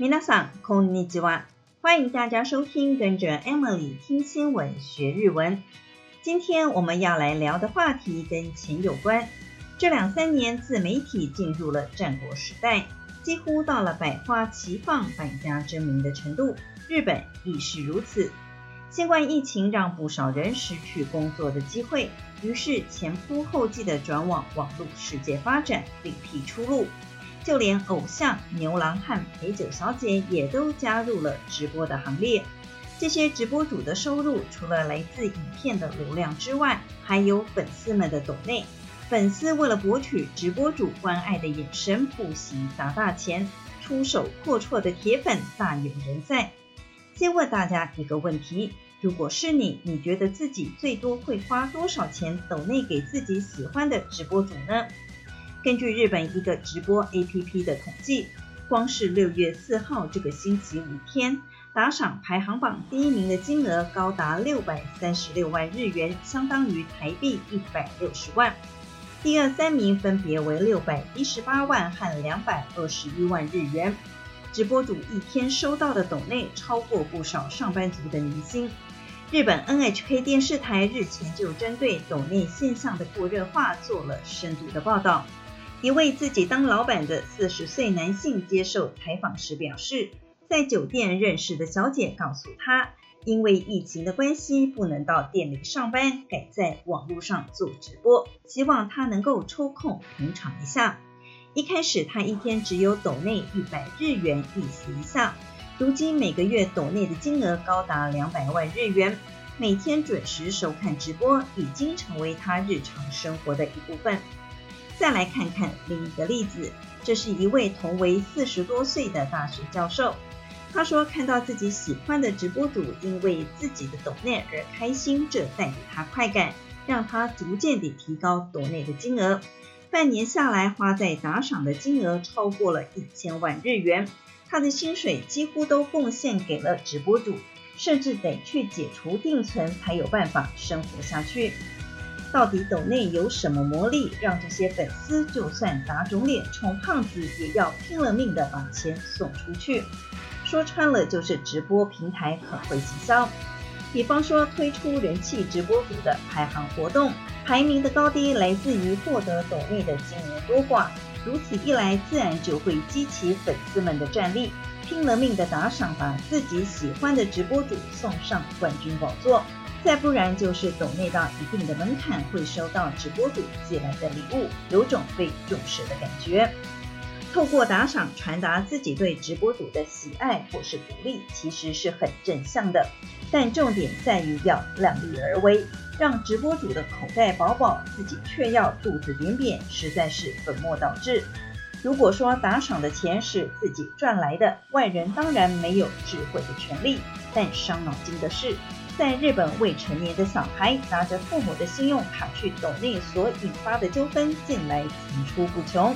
みなさんこんにちは。歡迎大家收聽，跟着 Emily 聽新聞學日文。今天我們要來聊的話題跟錢有關。這兩三年，自媒體進入了戰國時代，幾乎到了百花齊放、百家爭鳴的程度。日本亦是如此。新冠疫情讓不少人失去工作的機會，於是前仆後繼地轉往網絡世界發展，另闢出路。就連偶像牛郎和陪酒小姐也都加入了直播的行列。這些直播主的收入除了來自影片的流量之外，還有粉絲們的抖內。粉絲為了博取直播主關愛的眼神，不惜砸大錢，出手闊綽的鐵粉大有人在。先問大家一個問題：如果是你，你覺得自己最多會花多少錢抖內給自己喜歡的直播主呢？根據日本一個直播 APP 的統計，光是六月四號這個星期五天打賞排行榜第一名的金額高達六百三十六萬日元，相當於台幣一百六十萬。第二、三名分別為六百一十八萬和兩百二十一萬日元。直播主一天收到的抖內超過不少上班族的年薪。日本 NHK 電視台日前就針對抖內現象的過熱化做了深度的報道。一位自己當老板的四十歲男性接受採訪時表示，在酒店認識的小姐告訴他，因為疫情的關係不能到店裡上班，改在網絡上做直播，希望他能夠抽空捧場一下。一開始他一天只有抖內一百日元，意思一下，如今每個月抖內的金額高達兩百萬日元，每天準時收看直播已經成為他日常生活的一部分。再來看看另一個例子，這是一位同為四十多歲的大學教授。他說，看到自己喜歡的直播主因為自己的抖內而開心，這帶給他快感，讓他逐漸地提高抖內的金額。半年下來，花在打賞的金額超過了一千萬日元，他的薪水幾乎都貢獻給了直播主，甚至得去解除定存才有辦法生活下去。到底抖內有什麼魔力，讓這些粉絲就算打腫臉充胖子，也要拼了命的把錢送出去？說穿了就是直播平台很會營銷。比方說推出人氣直播主的排行活動，排名的高低來自於獲得抖內的金額多寡。如此一來，自然就會激起粉絲們的戰力，拼了命的打賞，把自己喜歡的直播主送上冠軍寶座。再不然就是斗內到一定的門檻，會收到直播主寄來的禮物，有種被重視的感覺。透過打賞傳達自己對直播主的喜愛或是鼓勵，其實是很正向的。但重點在於要量力而為，讓直播主的口袋飽飽，自己卻要肚子扁扁，實在是本末倒置。如果說打賞的錢是自己賺來的，外人當然沒有置喙的權利，但傷腦筋的是。在日本，未成年的小孩拿着父母的信用卡去抖內，所引發的糾紛近來層出不窮。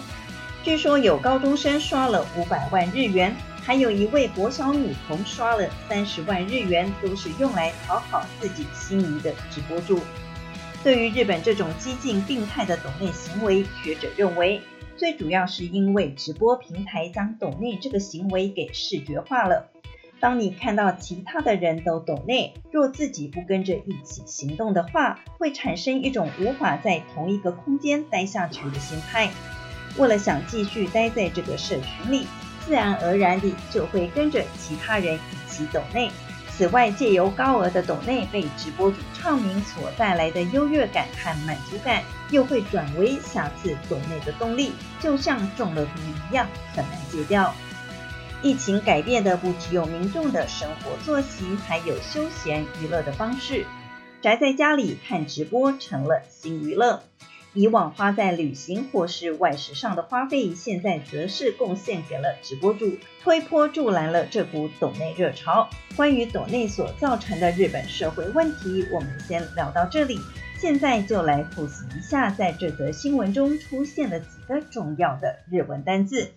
據說有高中生刷了五百萬日元，還有一位國小女童刷了三十萬日元，都是用來討好自己心儀的直播主。對於日本這種激進病態的抖內行為，學者認為，最主要是因為直播平台將抖內這個行為給視覺化了。當你看到其他的人都抖內，若自己不跟着一起行動的話，會產生一種無法在同一個空間待下去的心態。為了想繼續待在這個社群裡，自然而然的就會跟着其他人一起抖內。此外，借由高額的抖內被直播主唱名所帶來的優越感和滿足感，又會轉為下次抖內的動力，就像中了毒一樣，很難戒掉。疫情改變的不只有民眾的生活作息，還有休閒娛樂的方式。宅在家裡看直播成了新娛樂。以往花在旅行或是外食上的花費，現在則是貢獻給了直播主，推波助瀾了這股斗內熱潮。關於斗內所造成的日本社會問題，我們先聊到這裡。現在就來複習一下，在這則新聞中出現了幾個重要的日文單字。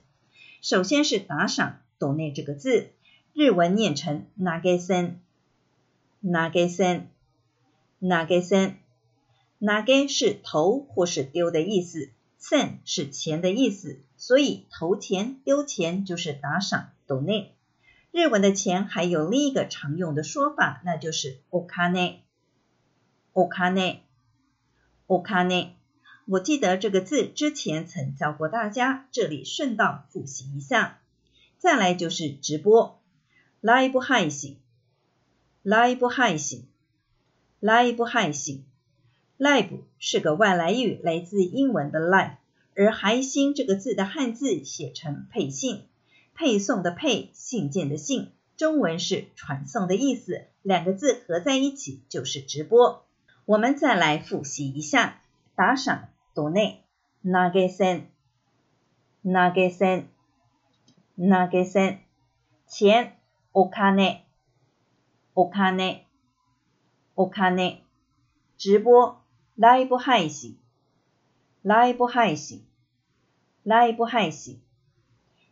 首先是打賞。抖內這個字，日文念成 “nage sen”，“nage sen”，“nage sen”，“nage” 是投或是丟的意思，“sen” 是錢的意思，所以投錢丟錢就是打賞抖內。日文的錢還有另一個常用的說法，那就是 “okane”，“okane”，“okane”。我記得這個字之前曾教過大家，這裡順道復習一下。再來就是直播，ライブ配信，ライブ配信，ライブ配信ライブ是個外來語，來自英文的 live，而配信這個字的漢字寫成配信，配送的配，信件的信，中文是傳送的意思，兩個字合在一起就是直播。我們再來複習一下，打賞，ドネ、ナゲセン、ナゲセン那個せん、金錢，ok お金、お金、お金，直播ライブはいしん、ライブはいしん、ライブはいしん。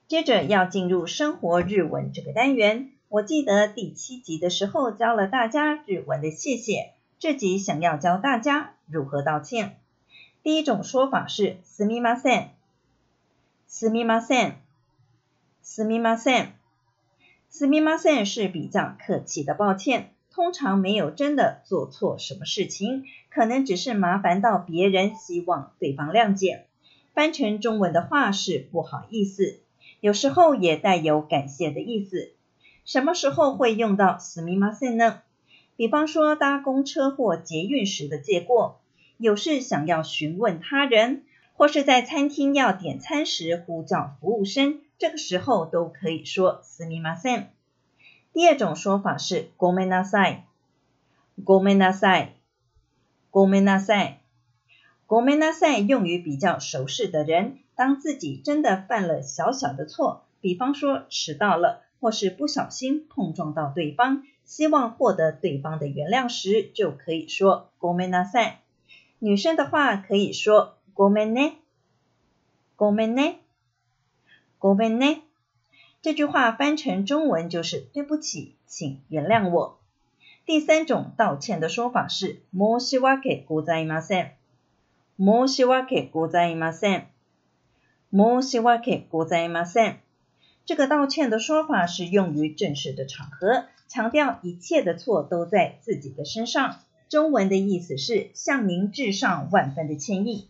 接着要進入生活日文這個單元。我記得第七集的時候教了大家日文的謝謝，這集想要教大家如何道歉。第一種說法是すみません、すみません。すみません，すみません是比較客氣的抱歉，通常沒有真的做錯什麼事情，可能只是麻煩到別人，希望對方諒解。翻成中文的話是不好意思，有時候也帶有感謝的意思。什麼時候會用到すみません呢？比方說搭公車或捷運時的借過，有事想要詢問他人，或是在餐廳要點餐時呼叫服務生。這個時候都可以說すみません。第二種說法是ごめんなさい、ごめんなさい、ごめんなさい、ごめんなさい。さいさい用於比較熟識的人，當自己真的犯了小小的錯，比方說遲到了，或是不小心碰撞到對方，希望獲得對方的原諒時，就可以說ごめんなさい。女生的話可以說ごめんね、ごめんね。ごめんね，這句話翻成中文就是對不起，請原諒我。第三種道歉的說法是申し訳ございません、申し訳ございません、申し訳ございません、申し訳ございません。這個道歉的說法是用於正式的場合，強調一切的錯都在自己的身上。中文的意思是向您致上萬分的歉意。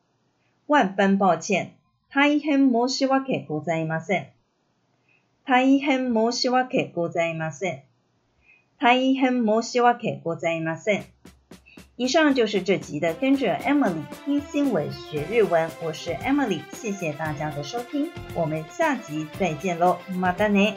萬分抱歉，大変申し訳ございません。大変申し訳ございません。大変申し訳ございません。以上就是這集的，跟着 Emily 聽新聞學日文，我是 Emily，謝謝大家的收聽，我們下集再見嘍，またね。